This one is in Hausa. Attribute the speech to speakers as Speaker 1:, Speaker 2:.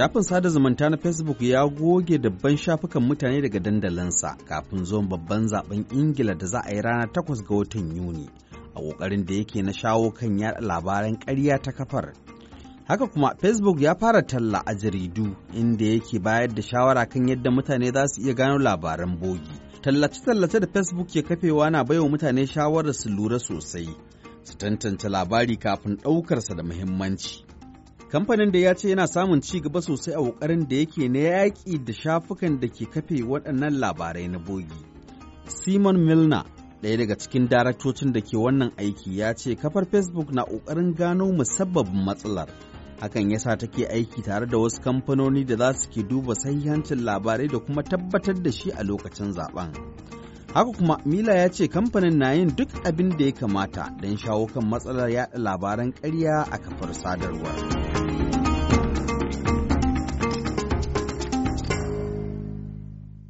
Speaker 1: Shafin sada zumunta na Facebook ya goge dabban shafukan mutane daga dandalinsa kafin zuwan babban zaben Ingila da za a yi ranar takwas ga watan Yuni a ƙoƙarin da yake na shawo kan yaɗa labaran ƙarya ta kafar. Haka kuma Facebook ya fara talla a jaridu inda yake bayar da shawara kan yadda mutane za su iya gano labaran bogi. Tallace-tallace da Facebook ke kafewa na baiwa mutane shawarar su lura sosai, su tantance labari kafin ɗaukarsa da muhimmanci. Kamfanin da ya ce yana samun ci gaba sosai a ƙoƙarin da yake na yaƙi da shafukan da ke kafe waɗannan labarai na bogi. Simon Milner, ɗaya daga cikin daraktocin da ke wannan aiki ya ce kafar Facebook na ƙoƙarin gano musabbabin matsalar. Hakan ya sa take aiki tare da wasu kamfanoni da za su ke duba sahihancin labarai da kuma tabbatar da shi a lokacin zaben. Haka kuma Mila ya ce kamfanin na yin duk abin da ya kamata don shawo kan matsalar yaɗa labaran ƙarya a kafar sadarwar.